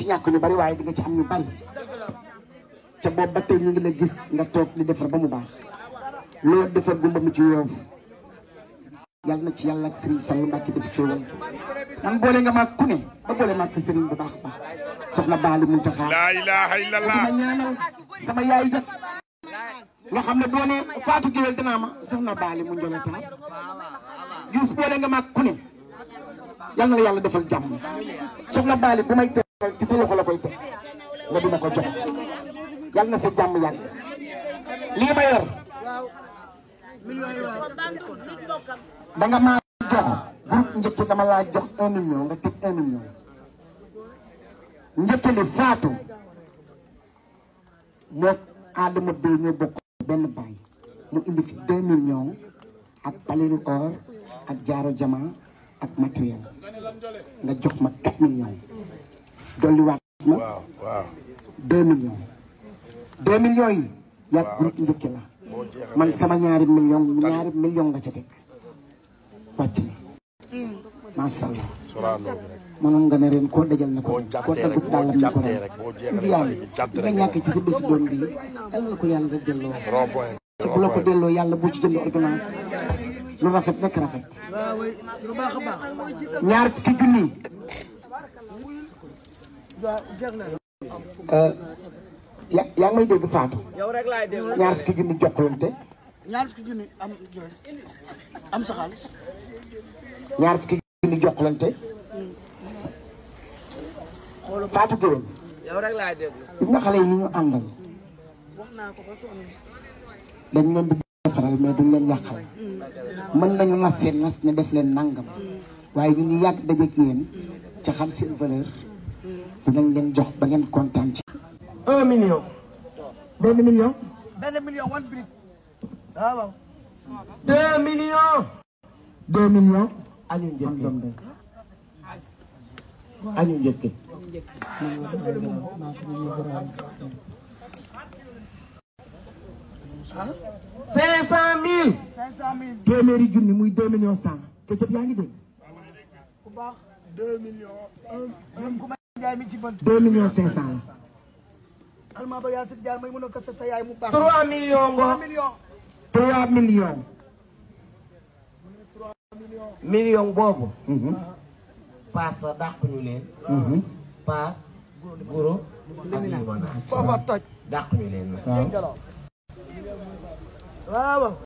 ci ñàkk ñu bari waaye di nga ci am ñu bari ca boobu ba tey ñu ngi la gis nga toog di defar ba mu baax loo defar gumba mi ci yoof yàlla na ci yàlla ak Serigne Fallou Mbacke def xéewal man boole nga maag ku ne ba boole maag sa Serigne bu baax baax soxna Baali sama yaay nga xam ne boo ne Fatou Gueye ma soxna Baali mu njëla taar Diouf boole nga maag ku ne na yàlla jàmm soxna Baali bu may ci sa loxo la koy teg nga dina ko jox yal na sa jàmm yàgg lii ma yor danga maa jox groupe njëkk dama laa jox un million nga teg un million njëkk faatu moo Adama benn baay mu indi fi deux millions ak paliru or ak jaaro jama ak matériel nga jox ma quatre millions dolliwaat waaw waaw. deux millions. deux millions yi. yaa groupe njëkk la. man sama ñaari million ñaari million nga ca teg. wàcc na. Hmm. macha allah. mënoon nga ne ren koo dajal na ko koo daggut dàllam na ko ren. yàlla nga ñàkk ci sa bés doom bi yàlla na ko yàlla rek delloo. ci bu la ko delloo yàlla boo ci jënd ordonnance. lu rafet nekk rafet. ñaar fukki junni. Euh, ya yaa ngi may dégg Fatou. yow rek laay dégg ñaar fukki junni jokkalante. am am sa xaalis. ñaar fukki junni jokkalante. xale yi ñu àndal. dañ leen di defaral mais duñ leen yàqal. mën nañu nas seen nas ñu def leen nangam. Mm. waaye ñu ngi yàgg dajeeg yéen ci xam seen valeur. dinañ leen jox ba ngeen kontaan un million. benn million. one brick. Ah, deux millions. deux millions. añu njëkk. añu njëkk. cinq cent mille. cinq cent muy deux millions cent. te jëpp yaa ngi dégg. deux millions cinq cent alma trois millions millions boobu paas la dàq ñu leen mhm. paas guro ak ñu wana foofa toj dàq ñu leen waaw